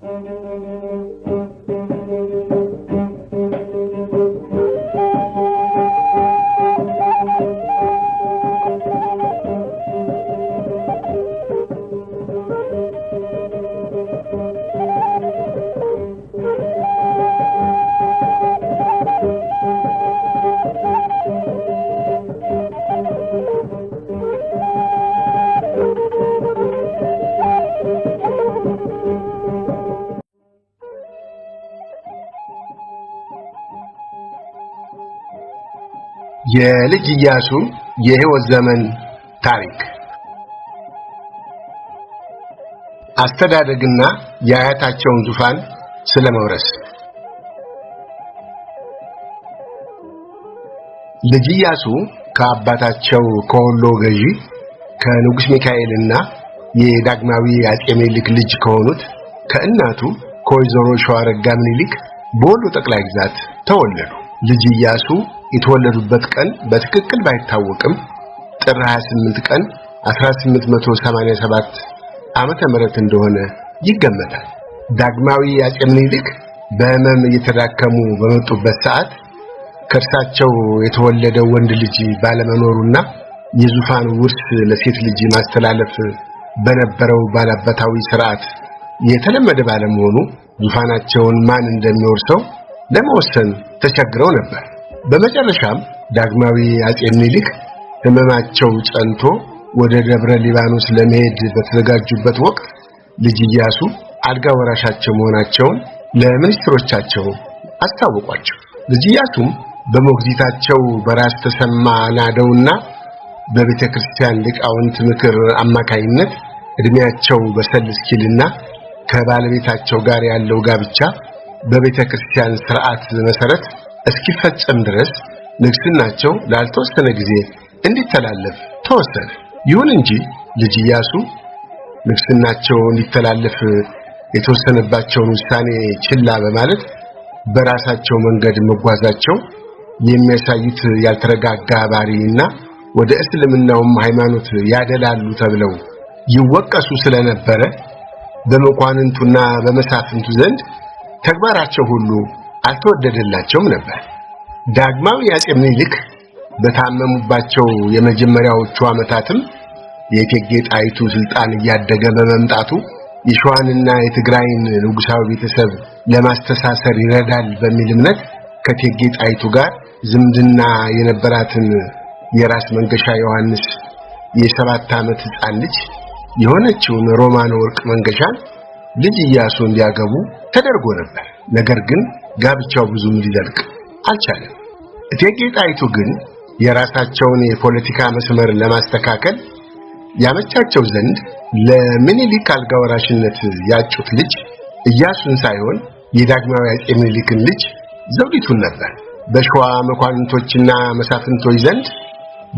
Thank you. የልጅ ኢያሱ የሕይወት ዘመን ታሪክ አስተዳደግና የአያታቸውን ዙፋን ስለመውረስ ልጅ ኢያሱ ከአባታቸው ከወሎ ገዢ ከንጉሥ ሚካኤልና የዳግማዊ አጼ ምኒልክ ልጅ ከሆኑት ከእናቱ ከወይዘሮ ሸዋረጋ ምኒልክ በወሎ ጠቅላይ ግዛት ተወለዱ። ልጅ ኢያሱ የተወለዱበት ቀን በትክክል ባይታወቅም ጥር 28 ቀን 1887 ዓመተ ምህረት እንደሆነ ይገመታል። ዳግማዊ አፄ ምኒልክ በህመም እየተዳከሙ በመጡበት ሰዓት ከእርሳቸው የተወለደ ወንድ ልጅ ባለመኖሩና የዙፋን ውርስ ለሴት ልጅ ማስተላለፍ በነበረው ባላባታዊ ስርዓት የተለመደ ባለመሆኑ ዙፋናቸውን ማን እንደሚወርሰው ለመወሰን ተቸግረው ነበር። በመጨረሻም ዳግማዊ አጼ ምኒልክ ህመማቸው ጸንቶ ወደ ደብረ ሊባኖስ ለመሄድ በተዘጋጁበት ወቅት ልጅ ኢያሱ አልጋ ወራሻቸው መሆናቸውን ለሚኒስትሮቻቸው አስታወቋቸው። ልጅ ኢያሱም በሞግዚታቸው በራስ ተሰማ ናደውና በቤተ ክርስቲያን ሊቃውንት ምክር አማካይነት እድሜያቸው በሰል እስኪልና ከባለቤታቸው ጋር ያለው ጋብቻ በቤተ ክርስቲያን ስርዓት መሰረት እስኪፈጸም ድረስ ንግስናቸው ላልተወሰነ ጊዜ እንዲተላለፍ ተወሰነ። ይሁን እንጂ ልጅ ኢያሱ ንግስናቸው እንዲተላለፍ የተወሰነባቸውን ውሳኔ ችላ በማለት በራሳቸው መንገድ መጓዛቸው የሚያሳዩት ያልተረጋጋ ባህሪና ወደ እስልምናውም ሃይማኖት ያደላሉ ተብለው ይወቀሱ ስለነበረ በመኳንንቱና በመሳፍንቱ ዘንድ ተግባራቸው ሁሉ አልተወደደላቸውም ነበር። ዳግማዊ አጼ ምኒልክ በታመሙባቸው የመጀመሪያዎቹ ዓመታትም የእቴጌ ጣይቱ ስልጣን እያደገ በመምጣቱ የሸዋንና የትግራይን ንጉሳዊ ቤተሰብ ለማስተሳሰር ይረዳል በሚል እምነት ከእቴጌ ጣይቱ ጋር ዝምድና የነበራትን የራስ መንገሻ ዮሐንስ የሰባት ዓመት ሕፃን ልጅ የሆነችውን ሮማን ወርቅ መንገሻን ልጅ እያሱ እንዲያገቡ ተደርጎ ነበር። ነገር ግን ጋብቻው ብዙም ሊዘልቅ አልቻለም። እቴጌ ጣይቱ ግን የራሳቸውን የፖለቲካ መስመር ለማስተካከል ያመቻቸው ዘንድ ለምኒልክ አልጋ ወራሽነት ያጩት ልጅ ኢያሱን ሳይሆን የዳግማዊ አጼ ምኒልክን ልጅ ዘውዲቱን ነበር። በሸዋ መኳንንቶችና መሳፍንቶች ዘንድ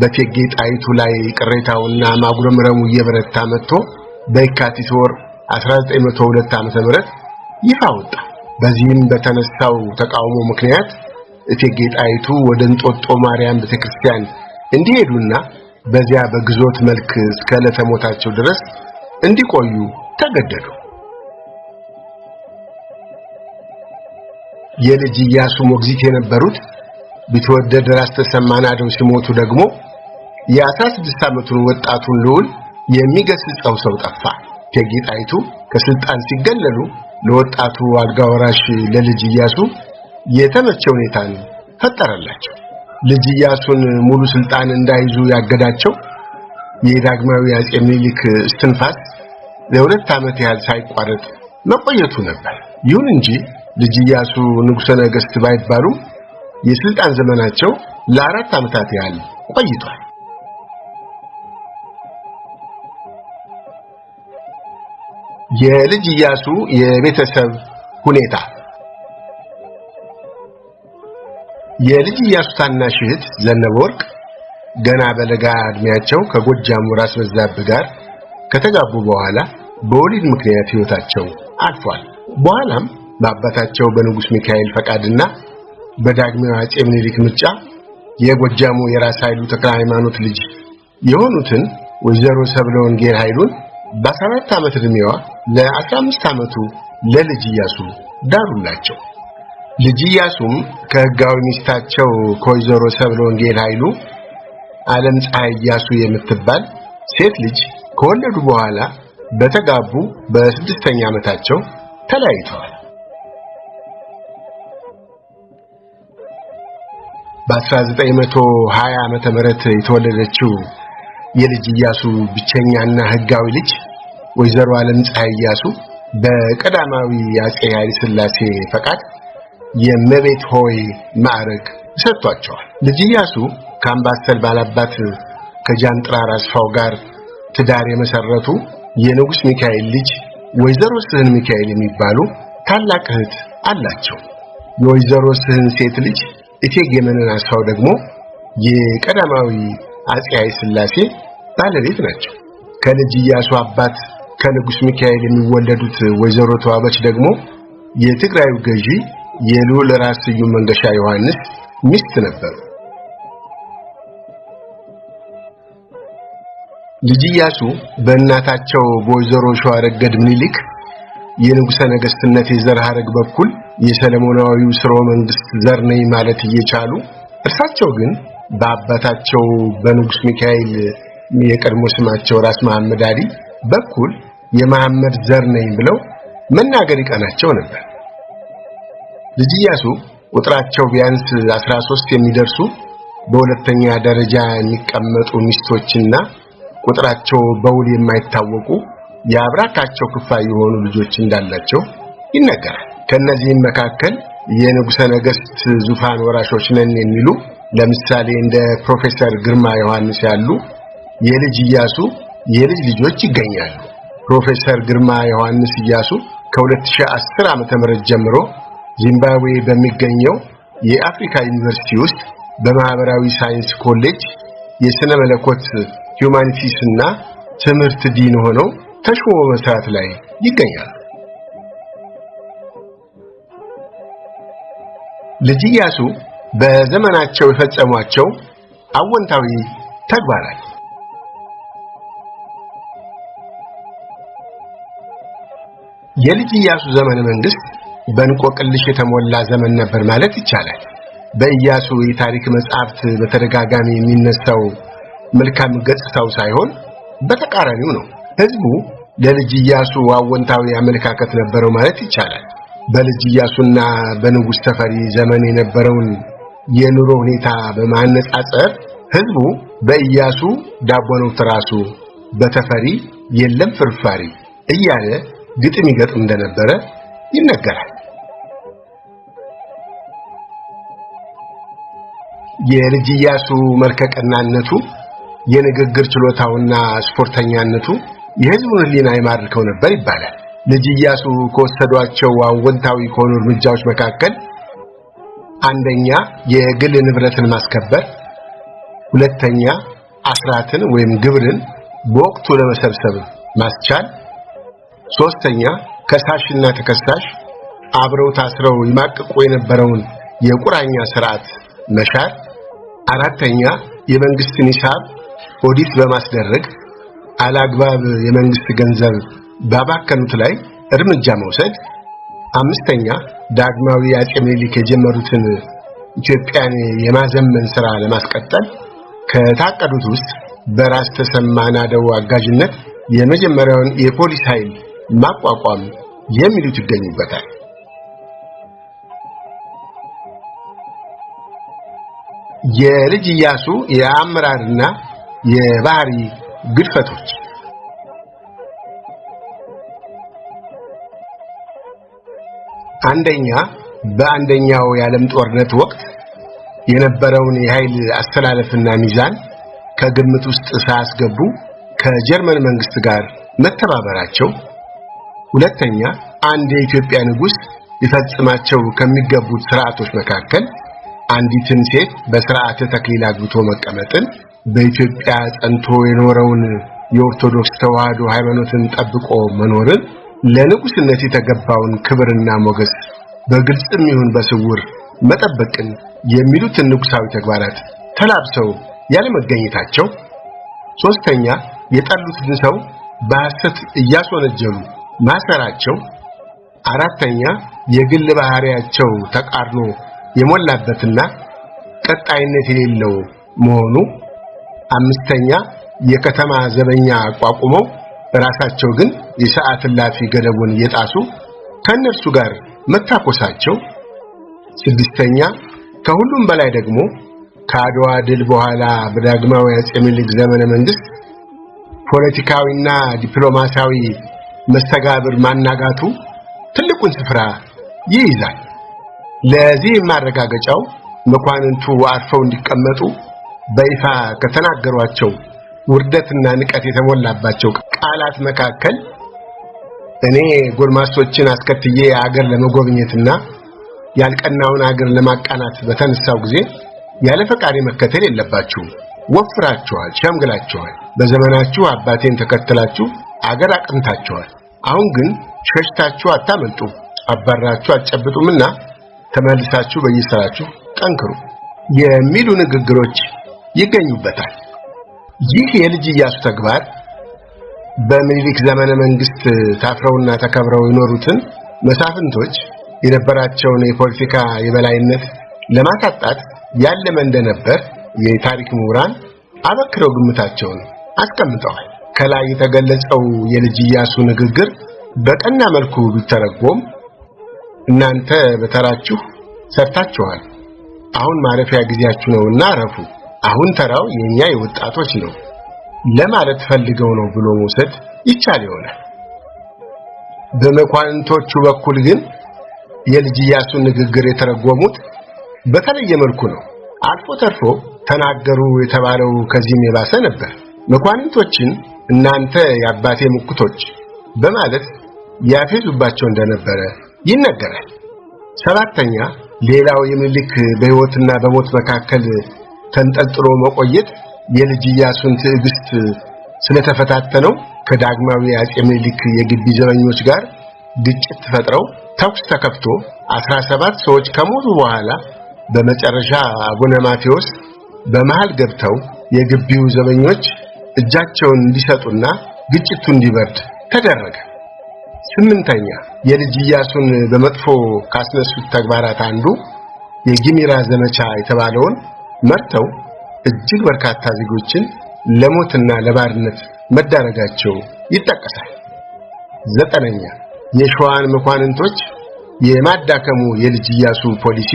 በእቴጌ ጣይቱ ላይ ቅሬታውና ማጉረምረሙ እየበረታ መጥቶ በየካቲት ወር 1902 ዓ.ም ይፋ ወጣ። በዚህም በተነሳው ተቃውሞ ምክንያት እቴጌ ጣይቱ ወደ እንጦጦ ማርያም ቤተክርስቲያን እንዲሄዱና በዚያ በግዞት መልክ እስከ ዕለተ ሞታቸው ድረስ እንዲቆዩ ተገደዱ። የልጅ ኢያሱ ሞግዚት የነበሩት ቢትወደድ ራስ ተሰማ ናደው ሲሞቱ ደግሞ የ16 ዓመቱን ወጣቱን ልዑል የሚገስጸው ሰው ጠፋ። እቴጌ ጣይቱ ከስልጣን ሲገለሉ ለወጣቱ አልጋ ወራሽ ለልጅ ኢያሱ የተመቸ ሁኔታን ፈጠረላቸው። ልጅ ኢያሱን ሙሉ ስልጣን እንዳይዙ ያገዳቸው የዳግማዊ አጼ ምኒልክ እስትንፋስ ለሁለት ዓመት ያህል ሳይቋረጥ መቆየቱ ነበር። ይሁን እንጂ ልጅ ኢያሱ ንጉሠ ነገሥት ባይባሉም የስልጣን ዘመናቸው ለአራት ዓመታት ያህል ቆይቷል። የልጅ ኢያሱ የቤተሰብ ሁኔታ የልጅ ኢያሱ ታናሽ እህት ዘነበ ወርቅ ገና በለጋ እድሜያቸው ከጎጃሙ ራስ በዛብህ ጋር ከተጋቡ በኋላ በወሊድ ምክንያት ሕይወታቸው አልፏል። በኋላም በአባታቸው በንጉሥ ሚካኤል ፈቃድና በዳግማዊ አጼ ምኒልክ ምርጫ የጎጃሙ የራስ ኃይሉ ተክለ ሃይማኖት ልጅ የሆኑትን ወይዘሮ ሰብለ ወንጌል ኃይሉን በ14 ዓመት ዕድሜዋ ለ15 ዓመቱ ለልጅ ኢያሱ ዳሩላቸው። ልጅ ኢያሱም ከሕጋዊ ሚስታቸው ከወይዘሮ ሰብለ ወንጌል ኃይሉ ዓለም ፀሐይ ኢያሱ የምትባል ሴት ልጅ ከወለዱ በኋላ በተጋቡ በስድስተኛ ዓመታቸው ተለያይተዋል። በ1920 ዓመተ ምህረት የተወለደችው የልጅ ኢያሱ ብቸኛና ህጋዊ ልጅ ወይዘሮ ዓለም ፀሐይ ኢያሱ በቀዳማዊ አጼ ኃይለ ሥላሴ ፈቃድ የመቤት ሆይ ማዕረግ ሰጥቷቸዋል። ልጅ ኢያሱ ከአምባሰል ባላባት ከጃንጥራር አስፋው ጋር ትዳር የመሰረቱ የንጉሥ ሚካኤል ልጅ ወይዘሮ ስህን ሚካኤል የሚባሉ ታላቅ እህት አላቸው። የወይዘሮ ስህን ሴት ልጅ እቴጌ መነን አስፋው ደግሞ የቀዳማዊ አፄ ኃይለ ሥላሴ ባለቤት ናቸው። ከልጅ ኢያሱ አባት ከንጉስ ሚካኤል የሚወለዱት ወይዘሮ ተዋበች ደግሞ የትግራዩ ገዢ የልዑል ራስ ስዩም መንገሻ ዮሐንስ ሚስት ነበሩ። ልጅ ኢያሱ በእናታቸው በወይዘሮ ሸዋረገድ ምኒልክ የንጉሠ ነገሥትነት የዘር ሐረግ በኩል የሰለሞናዊው ስርወ መንግሥት ዘር ነኝ ማለት እየቻሉ እርሳቸው ግን በአባታቸው በንጉስ ሚካኤል የቀድሞ ስማቸው ራስ መሐመድ አሊ በኩል የመሐመድ ዘር ነኝ ብለው መናገር ይቀናቸው ነበር። ልጅ ኢያሱ ቁጥራቸው ቢያንስ 13 የሚደርሱ በሁለተኛ ደረጃ የሚቀመጡ ሚስቶችና ቁጥራቸው በውል የማይታወቁ የአብራካቸው ክፋይ የሆኑ ልጆች እንዳላቸው ይነገራል። ከነዚህም መካከል የንጉሰ ነገስት ዙፋን ወራሾች ነን የሚሉ ለምሳሌ እንደ ፕሮፌሰር ግርማ ዮሐንስ ያሉ የልጅ እያሱ የልጅ ልጆች ይገኛሉ። ፕሮፌሰር ግርማ ዮሐንስ እያሱ ከ2010 ዓመተ ምህረት ጀምሮ ዚምባብዌ በሚገኘው የአፍሪካ ዩኒቨርሲቲ ውስጥ በማህበራዊ ሳይንስ ኮሌጅ የሥነ መለኮት ሂዩማኒቲስ እና ትምህርት ዲን ሆነው ተሾሞ መስራት ላይ ይገኛሉ። ልጅ እያሱ በዘመናቸው የፈጸሟቸው አወንታዊ ተግባራት የልጅ ኢያሱ ዘመነ መንግስት በእንቆቅልሽ የተሞላ ዘመን ነበር ማለት ይቻላል። በኢያሱ የታሪክ መጽሐፍት በተደጋጋሚ የሚነሳው መልካም ገጽታው ሳይሆን በተቃራኒው ነው። ህዝቡ ለልጅ ኢያሱ አወንታዊ አመለካከት ነበረው ማለት ይቻላል። በልጅ ኢያሱና በንጉሥ ተፈሪ ዘመን የነበረውን የኑሮ ሁኔታ በማነጻጸር ህዝቡ በኢያሱ ዳቦ ነው ትራሱ፣ በተፈሪ የለም ፍርፋሪ እያለ ግጥም ይገጥም እንደነበረ ይነገራል። የልጅ ኢያሱ መልከቀናነቱ፣ የንግግር ችሎታውና ስፖርተኛነቱ የህዝቡን ህሊና ይማርከው ነበር ይባላል። ልጅ ኢያሱ ከወሰዷቸው አወንታዊ ከሆኑ እርምጃዎች መካከል አንደኛ የግል ንብረትን ማስከበር፣ ሁለተኛ አስራትን ወይም ግብርን በወቅቱ ለመሰብሰብ ማስቻል፣ ሶስተኛ ከሳሽና ተከሳሽ አብረው ታስረው ይማቅቁ የነበረውን የቁራኛ ስርዓት መሻር፣ አራተኛ የመንግስትን ሂሳብ ኦዲት በማስደረግ አላግባብ የመንግስት ገንዘብ ባባከኑት ላይ እርምጃ መውሰድ አምስተኛ ዳግማዊ አጼ ምኒልክ የጀመሩትን ኢትዮጵያን የማዘመን ሥራ ለማስቀጠል ከታቀዱት ውስጥ በራስ ተሰማ ናደው አጋዥነት የመጀመሪያውን የፖሊስ ኃይል ማቋቋም የሚሉት ይገኙበታል። የልጅ ኢያሱ የአመራርና የባህሪ ግድፈቶች አንደኛ በአንደኛው የዓለም ጦርነት ወቅት የነበረውን የኃይል አስተላለፍና ሚዛን ከግምት ውስጥ ሳያስገቡ ከጀርመን መንግስት ጋር መተባበራቸው፣ ሁለተኛ አንድ የኢትዮጵያ ንጉስ ሊፈጽማቸው ከሚገቡት ስርዓቶች መካከል አንዲትን ሴት በስርዓተ ተክሊል አግብቶ መቀመጥን በኢትዮጵያ ጸንቶ የኖረውን የኦርቶዶክስ ተዋህዶ ሃይማኖትን ጠብቆ መኖርን ለንጉስነት የተገባውን ክብርና ሞገስ በግልጽም ይሁን በስውር መጠበቅን የሚሉትን ንጉሳዊ ተግባራት ተላብሰው ያለመገኘታቸው፣ ሶስተኛ የጠሉትን ሰው በሐሰት እያስወነጀሉ ማሰራቸው፣ አራተኛ የግል ባህሪያቸው ተቃርኖ የሞላበትና ቀጣይነት የሌለው መሆኑ፣ አምስተኛ የከተማ ዘበኛ አቋቁመው ራሳቸው ግን የሰዓት እላፊ ገደቡን እየጣሱ ከእነርሱ ጋር መታኮሳቸው። ስድስተኛ ከሁሉም በላይ ደግሞ ከአድዋ ድል በኋላ በዳግማዊ አፄ ምኒልክ ዘመነ መንግስት ፖለቲካዊና ዲፕሎማሲያዊ መስተጋብር ማናጋቱ ትልቁን ስፍራ ይይዛል። ለዚህ ማረጋገጫው መኳንንቱ አርፈው እንዲቀመጡ በይፋ ከተናገሯቸው ውርደትና ንቀት የተሞላባቸው ቃላት መካከል እኔ ጎልማሶችን አስከትዬ አገር ለመጎብኘትና ያልቀናውን አገር ለማቃናት በተነሳው ጊዜ ያለ ፈቃድ መከተል የለባችሁም። ወፍራችኋል፣ ሸምግላችኋል። በዘመናችሁ አባቴን ተከትላችሁ አገር አቅንታችኋል። አሁን ግን ሸሽታችሁ አታመልጡ፣ አባራችሁ አትጨብጡምና ተመልሳችሁ በየስራችሁ ጠንክሩ የሚሉ ንግግሮች ይገኙበታል። ይህ የልጅ ኢያሱ ተግባር በምኒልክ ዘመነ መንግስት ታፍረውና ተከብረው የኖሩትን መሳፍንቶች የነበራቸውን የፖለቲካ የበላይነት ለማሳጣት ያለመ እንደነበር የታሪክ ምሁራን አበክረው ግምታቸውን አስቀምጠዋል። ከላይ የተገለጸው የልጅ ኢያሱ ንግግር በቀና መልኩ ቢተረጎም እናንተ በተራችሁ ሰርታችኋል፣ አሁን ማረፊያ ጊዜያችሁ ነውና አረፉ አሁን ተራው የኛ የወጣቶች ነው ለማለት ፈልገው ነው ብሎ መውሰድ ይቻል ይሆናል። በመኳንንቶቹ በኩል ግን የልጅ ኢያሱን ንግግር የተረጎሙት በተለየ መልኩ ነው። አልፎ ተርፎ ተናገሩ የተባለው ከዚህም የባሰ ነበር። መኳንንቶችን እናንተ የአባቴ ምኩቶች በማለት ያፌዙባቸው እንደነበረ ይነገራል። ሰባተኛ ሌላው የሚኒልክ በሕይወትና በሞት መካከል ተንጠልጥሎ መቆየት የልጅ ኢያሱን ትዕግስት ስለተፈታተነው ከዳግማዊ አጼ ምኒልክ የግቢ ዘበኞች ጋር ግጭት ፈጥረው ተኩስ ተከፍቶ 17 ሰዎች ከሞቱ በኋላ በመጨረሻ አቡነ ማቴዎስ በመሃል ገብተው የግቢው ዘበኞች እጃቸውን እንዲሰጡና ግጭቱ እንዲበርድ ተደረገ። ስምንተኛ የልጅ ኢያሱን በመጥፎ ካስነሱት ተግባራት አንዱ የጊሚራ ዘመቻ የተባለውን መርተው እጅግ በርካታ ዜጎችን ለሞትና ለባርነት መዳረጋቸው ይጠቀሳል። ዘጠነኛ የሸዋን መኳንንቶች የማዳከሙ የልጅ ኢያሱ ፖሊሲ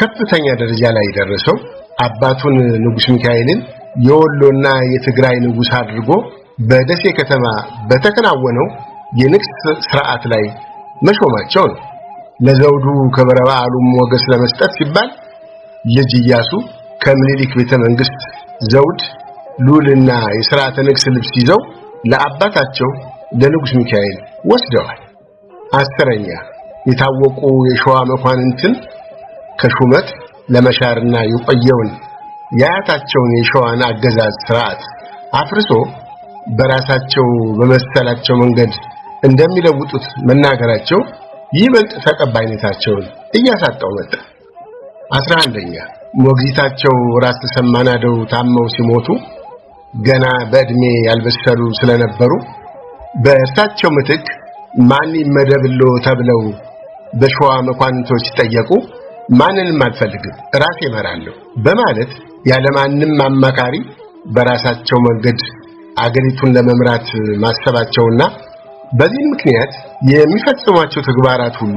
ከፍተኛ ደረጃ ላይ ደረሰው አባቱን ንጉስ ሚካኤልን የወሎና የትግራይ ንጉስ አድርጎ በደሴ ከተማ በተከናወነው የንግስ ስርዓት ላይ መሾማቸው ነው። ለዘውዱ ክብረ በዓሉም ሞገስ ለመስጠት ሲባል ልጅ ኢያሱ ከምኒልክ ቤተ መንግስት ዘውድ ሉልና የሥርዓተ ንግሥ ልብስ ይዘው ለአባታቸው ለንጉሥ ሚካኤል ወስደዋል። አስረኛ የታወቁ የሸዋ መኳንንትን ከሹመት ለመሻርና የቆየውን የአያታቸውን የሸዋን አገዛዝ ስርዓት አፍርሶ በራሳቸው በመሰላቸው መንገድ እንደሚለውጡት መናገራቸው ይበልጥ ተቀባይነታቸውን እያሳጣው መጣ። አስራ አንደኛ ሞግዚታቸው ራስ ተሰማን አደው ታመው ሲሞቱ ገና በእድሜ ያልበሰሉ ስለነበሩ በእርሳቸው ምትክ ማን ይመደብሎ ተብለው በሸዋ መኳንቶች ሲጠየቁ ማንንም አልፈልግም ራሴ እመራለሁ በማለት ያለማንም አማካሪ በራሳቸው መንገድ አገሪቱን ለመምራት ማሰባቸውና በዚህ ምክንያት የሚፈጽሟቸው ተግባራት ሁሉ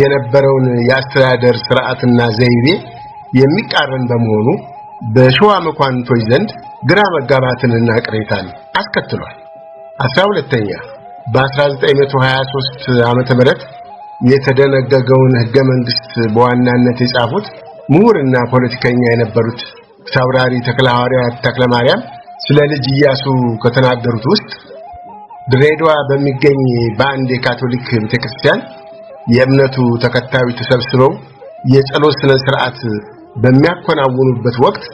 የነበረውን የአስተዳደር ስርዓትና ዘይቤ የሚቃረን በመሆኑ በሸዋ መኳንቶች ዘንድ ግራ መጋባትንና ቅሬታን አስከትሏል። አስራ ሁለተኛ በ1923 ዓመተ ምህረት የተደነገገውን ህገ መንግስት በዋናነት የጻፉት ምሁርና ፖለቲከኛ የነበሩት ሳውራሪ ተክለሐዋርያት ተክለ ማርያም ስለ ልጅ ኢያሱ ከተናገሩት ውስጥ ድሬዳዋ በሚገኝ በአንድ የካቶሊክ ቤተክርስቲያን የእምነቱ ተከታዮች ተሰብስበው የጸሎት ስነ ስርዓት በሚያከናውኑበት ወቅት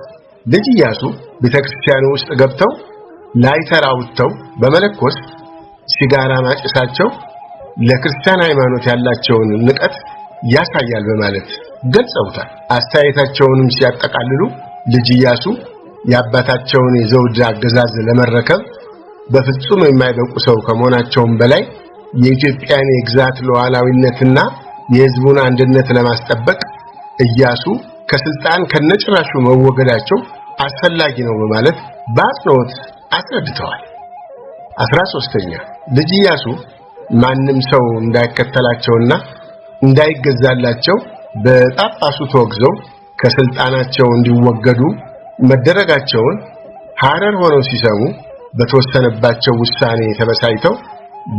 ልጅ ኢያሱ ቤተክርስቲያኑ ውስጥ ገብተው ላይተራውተው በመለኮስ ሲጋራ ማጨሳቸው ለክርስቲያን ሃይማኖት ያላቸውን ንቀት ያሳያል በማለት ገልጸውታል። አስተያየታቸውንም ሲያጠቃልሉ ልጅ ኢያሱ የአባታቸውን የዘውድ አገዛዝ ለመረከብ በፍጹም የማይበቁ ሰው ከመሆናቸውም በላይ የኢትዮጵያን የግዛት ሉዓላዊነትና የሕዝቡን አንድነት ለማስጠበቅ ኢያሱ ከስልጣን ከነጭራሹ መወገዳቸው አስፈላጊ ነው በማለት በአጽንኦት አስረድተዋል። አስራ ሦስተኛ ልጅ ኢያሱ ማንም ሰው እንዳይከተላቸውና እንዳይገዛላቸው በጳጳሱ ተወግዘው ከስልጣናቸው እንዲወገዱ መደረጋቸውን ሐረር ሆነው ሲሰሙ በተወሰነባቸው ውሳኔ ተበሳይተው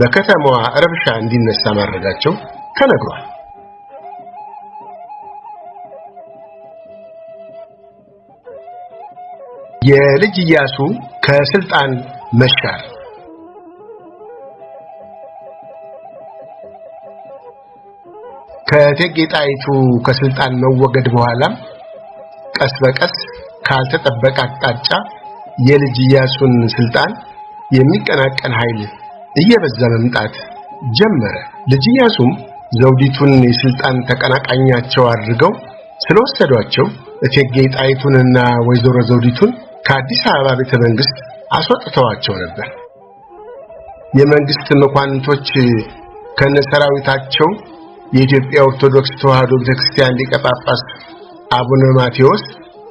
በከተማዋ ረብሻ እንዲነሳ ማድረጋቸው ተነግሯል። የልጅ ኢያሱ ከስልጣን መሻር ከእቴጌ ጣይቱ ከስልጣን መወገድ በኋላ ቀስ በቀስ ካልተጠበቀ አቅጣጫ የልጅ ኢያሱን ስልጣን የሚቀናቀን ኃይል እየበዛ መምጣት ጀመረ። ልጅ ኢያሱም ዘውዲቱን የስልጣን ተቀናቃኛቸው አድርገው ስለወሰዷቸው እቴጌ ጣይቱንና ወይዘሮ ዘውዲቱን ከአዲስ አበባ ቤተ መንግስት አስወጥተዋቸው ነበር። የመንግስት መኳንንቶች ከነሰራዊታቸው የኢትዮጵያ ኦርቶዶክስ ተዋህዶ ቤተክርስቲያን ሊቀ ጳጳስ አቡነ ማቴዎስ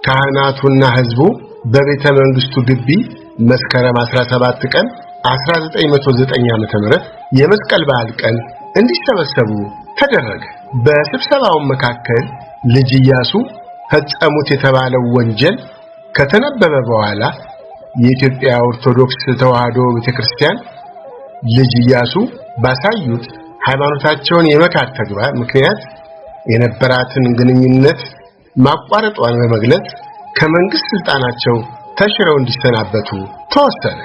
ካህናቱና ህዝቡ በቤተ መንግስቱ ግቢ መስከረም 17 ቀን 1909 ዓም የመስቀል በዓል ቀን እንዲሰበሰቡ ተደረገ። በስብሰባው መካከል ልጅ ኢያሱ ፈጸሙት የተባለው ወንጀል ከተነበበ በኋላ የኢትዮጵያ ኦርቶዶክስ ተዋሕዶ ቤተክርስቲያን ልጅ ኢያሱ ባሳዩት ሃይማኖታቸውን የመካድ ተግባር ምክንያት የነበራትን ግንኙነት ማቋረጧን በመግለጽ ከመንግስት ስልጣናቸው ተሽረው እንዲሰናበቱ ተወሰነ።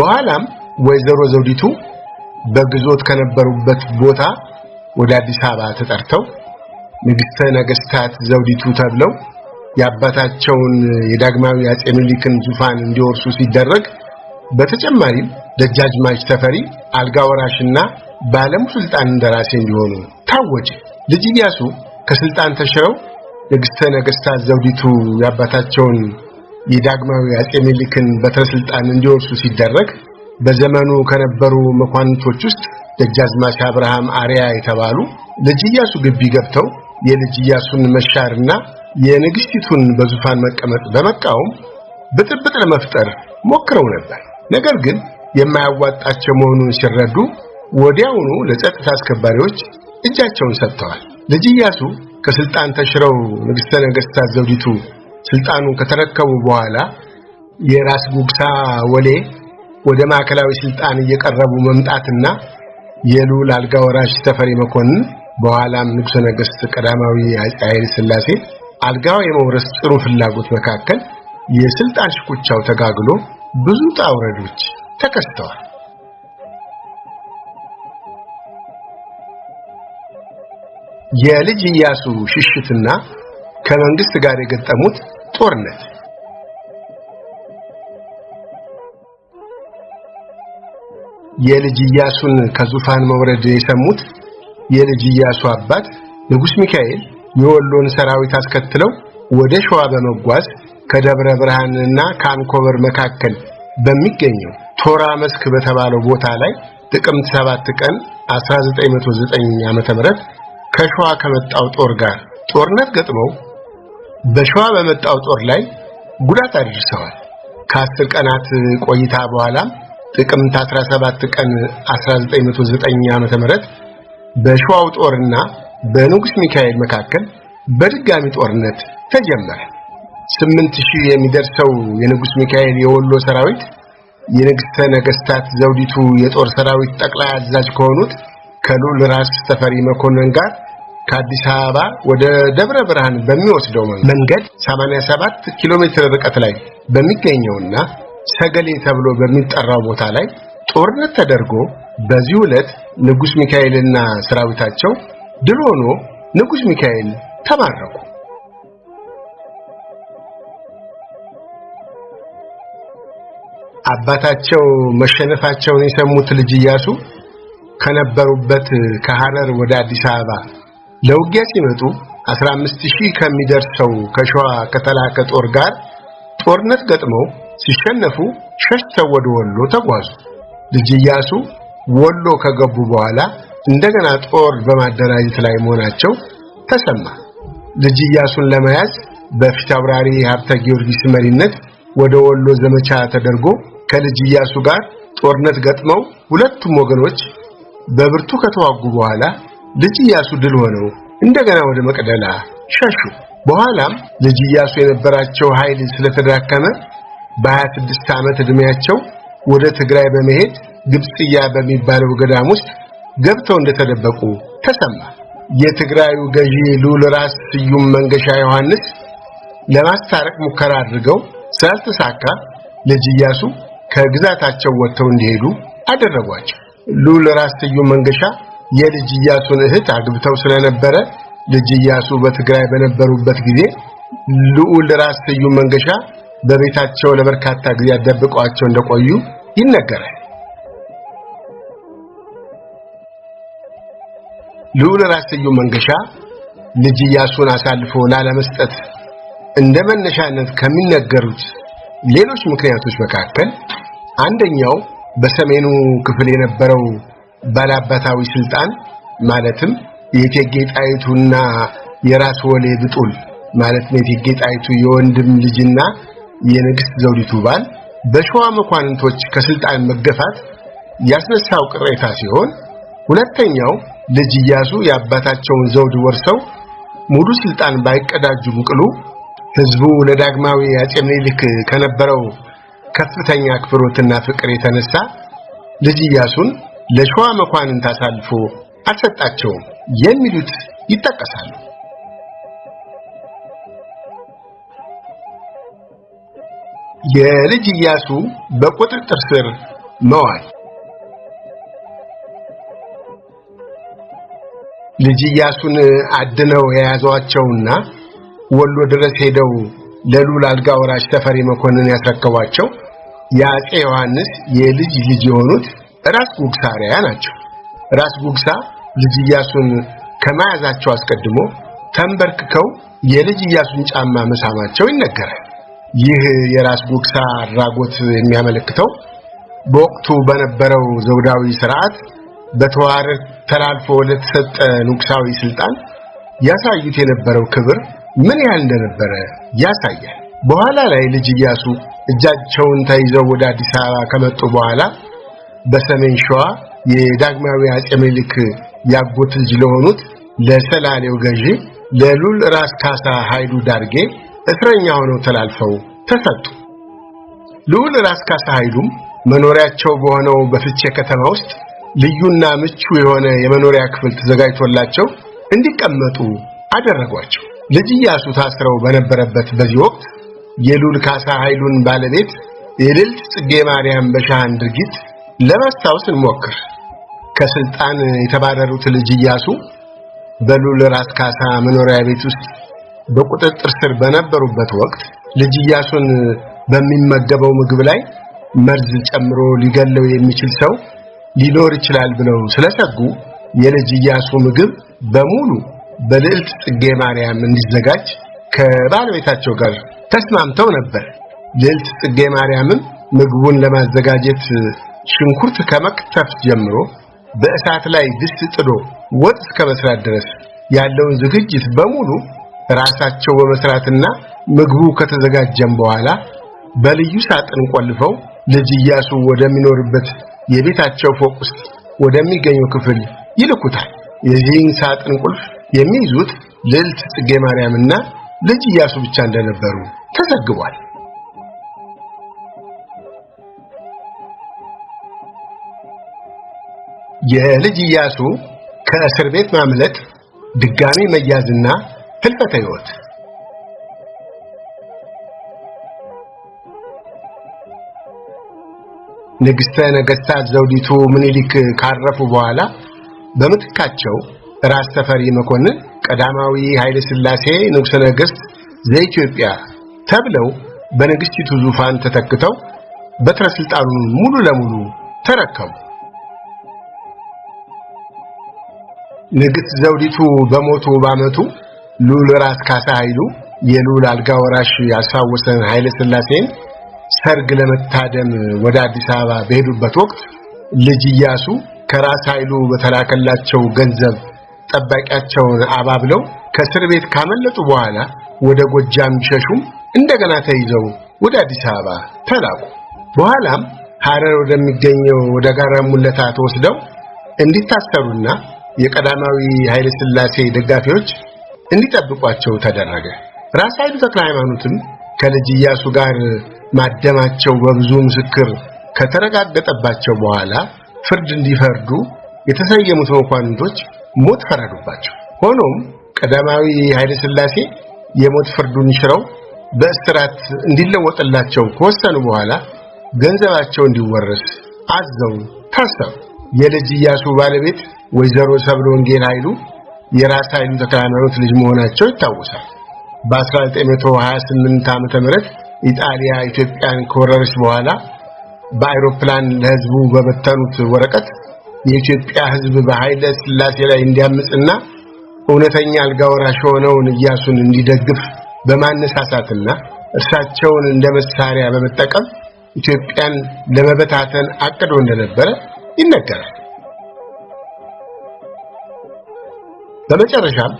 በኋላም ወይዘሮ ዘውዲቱ በግዞት ከነበሩበት ቦታ ወደ አዲስ አበባ ተጠርተው ንግሥተ ነገሥታት ዘውዲቱ ተብለው የአባታቸውን የዳግማዊ አጼ ምኒልክን ዙፋን እንዲወርሱ ሲደረግ በተጨማሪም ደጃጅ ማች ተፈሪ አልጋ ወራሽና ባለም ስልጣን እንደራሴ እንዲሆኑ ታወጀ። ልጅ ኢያሱ ከስልጣን ተሽረው ንግሥተ ነገሥታት ዘውዲቱ የአባታቸውን የዳግማዊ አጼ ምኒልክን በትረ ስልጣን እንዲወርሱ ሲደረግ በዘመኑ ከነበሩ መኳንንቶች ውስጥ ደጃዝማች አብርሃም አሪያ የተባሉ ልጅ ኢያሱ ግቢ ገብተው የልጅ ኢያሱን መሻርና የንግስቲቱን በዙፋን መቀመጥ በመቃወም ብጥብጥ ለመፍጠር ሞክረው ነበር። ነገር ግን የማያዋጣቸው መሆኑን ሲረዱ ወዲያውኑ ለጸጥታ አስከባሪዎች እጃቸውን ሰጥተዋል። ልጅ ኢያሱ ከስልጣን ተሽረው ንግስተ ነገስታ ዘውዲቱ ስልጣኑን ከተረከቡ በኋላ የራስ ጉግሳ ወሌ ወደ ማዕከላዊ ስልጣን እየቀረቡ መምጣትና የልዑል አልጋ ወራሽ ተፈሪ መኮንን በኋላም ንጉሠ ነገሥት ቀዳማዊ ኃይለ ሥላሴ አልጋው የመውረስ ጥሩ ፍላጎት መካከል የስልጣን ሽኩቻው ተጋግሎ ብዙ ጣውረዶች ተከስተዋል። የልጅ ኢያሱ ሽሽትና ከመንግስት ጋር የገጠሙት ጦርነት የልጅ ኢያሱን ከዙፋን መውረድ የሰሙት የልጅ ኢያሱ አባት ንጉስ ሚካኤል የወሎን ሰራዊት አስከትለው ወደ ሸዋ በመጓዝ ከደብረ ብርሃንና ከአንኮበር መካከል በሚገኘው ቶራ መስክ በተባለው ቦታ ላይ ጥቅምት 7 ቀን 1909 ዓ.ም ከሸዋ ከመጣው ጦር ጋር ጦርነት ገጥመው በሸዋ በመጣው ጦር ላይ ጉዳት አድርሰዋል። ከአስር ቀናት ቆይታ በኋላም ጥቅምት 17 ቀን 1909 ዓ.ም በሸዋው ጦርና በንጉስ ሚካኤል መካከል በድጋሚ ጦርነት ተጀመረ። ስምንት ሺህ የሚደርሰው የንጉስ ሚካኤል የወሎ ሰራዊት የንግስተ ነገስታት ዘውዲቱ የጦር ሰራዊት ጠቅላይ አዛዥ ከሆኑት ከሉል ራስ ተፈሪ መኮንን ጋር ከአዲስ አበባ ወደ ደብረ ብርሃን በሚወስደው መንገድ 87 ኪሎ ሜትር ርቀት ላይ በሚገኘውና ሰገሌ ተብሎ በሚጠራው ቦታ ላይ ጦርነት ተደርጎ በዚህ ዕለት ንጉሥ ሚካኤልና ሰራዊታቸው ድል ሆኖ ንጉሥ ሚካኤል ተባረኩ። አባታቸው መሸነፋቸውን የሰሙት ልጅ ኢያሱ ከነበሩበት ከሐረር ወደ አዲስ አበባ ለውጊያ ሲመጡ 15000 ከሚደርሰው ከሸዋ ከተላከ ጦር ጋር ጦርነት ገጥመው ሲሸነፉ ሸሽተው ወደ ወሎ ተጓዙ። ልጅ ኢያሱ ወሎ ከገቡ በኋላ እንደገና ጦር በማደራጀት ላይ መሆናቸው ተሰማ። ልጅ ኢያሱን ለመያዝ በፊት አብራሪ ሀብተ ጊዮርጊስ መሪነት ወደ ወሎ ዘመቻ ተደርጎ ከልጅ ኢያሱ ጋር ጦርነት ገጥመው ሁለቱም ወገኖች በብርቱ ከተዋጉ በኋላ ልጅ ኢያሱ ድል ሆነው እንደገና ወደ መቅደላ ሸሹ። በኋላም ልጅ ኢያሱ የነበራቸው ኃይል ስለተዳከመ በ26 ዓመት ዕድሜያቸው ወደ ትግራይ በመሄድ ግብጽያ በሚባለው ገዳም ውስጥ ገብተው እንደተደበቁ ተሰማ። የትግራዩ ገዢ ልዑል ራስ ስዩም መንገሻ ዮሐንስ ለማስታረቅ ሙከራ አድርገው ስላልተሳካ ልጅ ኢያሱ ከግዛታቸው ወጥተው እንዲሄዱ አደረጓቸው። ልዑል ራስ ስዩም መንገሻ የልጅ ኢያሱን እህት አግብተው ስለነበረ ልጅ ኢያሱ በትግራይ በነበሩበት ጊዜ ልዑል ራስ ስዩም መንገሻ በቤታቸው ለበርካታ ጊዜ ያደብቋቸው እንደቆዩ ይነገራል። ልዑል ራስ ስዩም መንገሻ ልጅ ኢያሱን አሳልፎ ላለመስጠት እንደ መነሻነት ከሚነገሩት ሌሎች ምክንያቶች መካከል አንደኛው በሰሜኑ ክፍል የነበረው ባላባታዊ ስልጣን ማለትም የእቴጌ ጣይቱና የራስ ወሌ ብጡል ማለትም የእቴጌ ጣይቱ የወንድም ልጅና የንግስት ዘውዲቱ ባል በሸዋ መኳንንቶች ከስልጣን መገፋት ያስነሳው ቅሬታ ሲሆን ሁለተኛው ልጅ ኢያሱ የአባታቸውን ዘውድ ወርሰው ሙሉ ስልጣን ባይቀዳጁም ቅሉ ህዝቡ ለዳግማዊ አፄ ምኒልክ ከነበረው ከፍተኛ አክብሮትና ፍቅር የተነሳ ልጅ ኢያሱን ለሸዋ መኳንንት አሳልፎ አልሰጣቸውም የሚሉት ይጠቀሳሉ። የልጅ ኢያሱ በቁጥጥር ስር መዋል ልጅ ኢያሱን አድነው የያዟቸውና ወሎ ድረስ ሄደው ለሉል አልጋ ወራሽ ተፈሪ መኮንን ያስረከቧቸው የአፄ ዮሐንስ የልጅ ልጅ የሆኑት ራስ ጉግሳሪያ ናቸው። ራስ ጉግሳ ልጅ ኢያሱን ከመያዛቸው አስቀድሞ ተንበርክከው የልጅ ኢያሱን ጫማ መሳማቸው ይነገራል። ይህ የራስ ጉግሳ አድራጎት የሚያመለክተው በወቅቱ በነበረው ዘውዳዊ ስርዓት በተዋረድ ተላልፎ ለተሰጠ ንጉሳዊ ስልጣን ያሳዩት የነበረው ክብር ምን ያህል እንደነበረ ያሳያል። በኋላ ላይ ልጅ ኢያሱ እጃቸውን ተይዘው ወደ አዲስ አበባ ከመጡ በኋላ በሰሜን ሸዋ የዳግማዊ አጼ ምኒልክ ያጎት ልጅ ለሆኑት ለሰላሌው ገዢ ለሉል ራስ ካሳ ኃይሉ ዳርጌ እስረኛ ሆነው ተላልፈው ተሰጡ። ልዑል ራስ ካሳ ኃይሉም መኖሪያቸው በሆነው በፍቼ ከተማ ውስጥ ልዩና ምቹ የሆነ የመኖሪያ ክፍል ተዘጋጅቶላቸው እንዲቀመጡ አደረጓቸው። ልጅ ኢያሱ ታስረው በነበረበት በዚህ ወቅት የሉል ካሳ ኃይሉን ባለቤት የልዕልት ጽጌ ማርያም በሻህን ድርጊት ለማስታወስ እንሞክር። ከስልጣን የተባረሩት ልጅ ኢያሱ በሉል ራስ ካሳ መኖሪያ ቤት ውስጥ በቁጥጥር ስር በነበሩበት ወቅት ልጅ ኢያሱን በሚመገበው ምግብ ላይ መርዝ ጨምሮ ሊገለው የሚችል ሰው ሊኖር ይችላል ብለው ስለሰጉ የልጅ ኢያሱ ምግብ በሙሉ በልዕልት ጽጌ ማርያም እንዲዘጋጅ ከባለቤታቸው ጋር ተስማምተው ነበር። ልዕልት ጽጌ ማርያምም ምግቡን ለማዘጋጀት ሽንኩርት ከመክተፍ ጀምሮ በእሳት ላይ ድስት ጥዶ ወጥ እስከ መስራት ድረስ ያለውን ዝግጅት በሙሉ ራሳቸው በመስራትና ምግቡ ከተዘጋጀም በኋላ በልዩ ሳጥን ቆልፈው ልጅ ኢያሱ ወደሚኖርበት የቤታቸው ፎቅ ውስጥ ወደሚገኘው ክፍል ይልኩታል። የዚህን ሳጥን ቁልፍ የሚይዙት ልዕልት ጽጌ ማርያምና ልጅ ኢያሱ ብቻ እንደነበሩ ተዘግቧል። የልጅ ኢያሱ ከእስር ቤት ማምለጥ ድጋሚ መያዝና ህልፈተ ህይወት ንግሥተ ነገሥታት ዘውዲቱ ምኒልክ ካረፉ በኋላ በምትካቸው ራስ ተፈሪ መኮንን ቀዳማዊ ኃይለ ሥላሴ ንጉሠ ነገሥት ዘኢትዮጵያ ተብለው በንግሥቲቱ ዙፋን ተተክተው በትረ ሥልጣኑን ሙሉ ለሙሉ ተረከቡ። ንግሥት ዘውዲቱ በሞቱ ባመቱ ልዑል ራስ ካሳ ኃይሉ የልዑል አልጋ ወራሽ ያስፋወሰን ኃይለ ሥላሴን ሰርግ ለመታደም ወደ አዲስ አበባ በሄዱበት ወቅት ልጅ እያሱ ከራስ ኃይሉ በተላከላቸው ገንዘብ ጠባቂያቸውን አባብለው ከእስር ቤት ካመለጡ በኋላ ወደ ጎጃም ቢሸሹም እንደገና ተይዘው ወደ አዲስ አበባ ተላኩ። በኋላም ሐረር ወደሚገኘው ወደ ጋራ ሙለታ ተወስደው እንዲታሰሩና የቀዳማዊ ኃይለ ሥላሴ ደጋፊዎች እንዲጠብቋቸው ተደረገ። ራስ ኃይሉ ተክለ ሃይማኖትም ከልጅ ኢያሱ ጋር ማደማቸው በብዙ ምስክር ከተረጋገጠባቸው በኋላ ፍርድ እንዲፈርዱ የተሰየሙት መኳንንቶች ሞት ፈረዱባቸው። ሆኖም ቀዳማዊ ኃይለ ሥላሴ የሞት ፍርዱን ሽረው በእስራት እንዲለወጥላቸው ከወሰኑ በኋላ ገንዘባቸው እንዲወረስ አዘው ታሰሩ። የልጅ ኢያሱ ባለቤት ወይዘሮ ሰብለ ወንጌል ኃይሉ የራስ ኃይሉ ተክለ ልጅ መሆናቸው ይታወሳል። በ1928 ዓ.ም ምህረት ኢጣሊያ ኢትዮጵያን ከወረረች በኋላ በአይሮፕላን ለህዝቡ በበተኑት ወረቀት የኢትዮጵያ ህዝብ በኃይለ ስላሴ ላይ እንዲያምጽና እውነተኛ አልጋ ወራሽ የሆነውን እያሱን እንዲደግፍ በማነሳሳትና እርሳቸውን እንደ መሳሪያ በመጠቀም ኢትዮጵያን ለመበታተን አቅዶ እንደነበረ ይነገራል። በመጨረሻም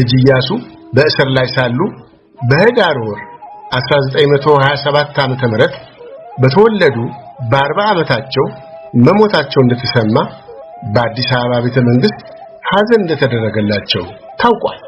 ልጅ እያሱ በእስር ላይ ሳሉ በህዳር ወር 1927 ዓ.ም ምህረት በተወለዱ በ40 ዓመታቸው መሞታቸው እንደተሰማ በአዲስ አበባ ቤተ መንግስት ሐዘን እንደተደረገላቸው ታውቋል።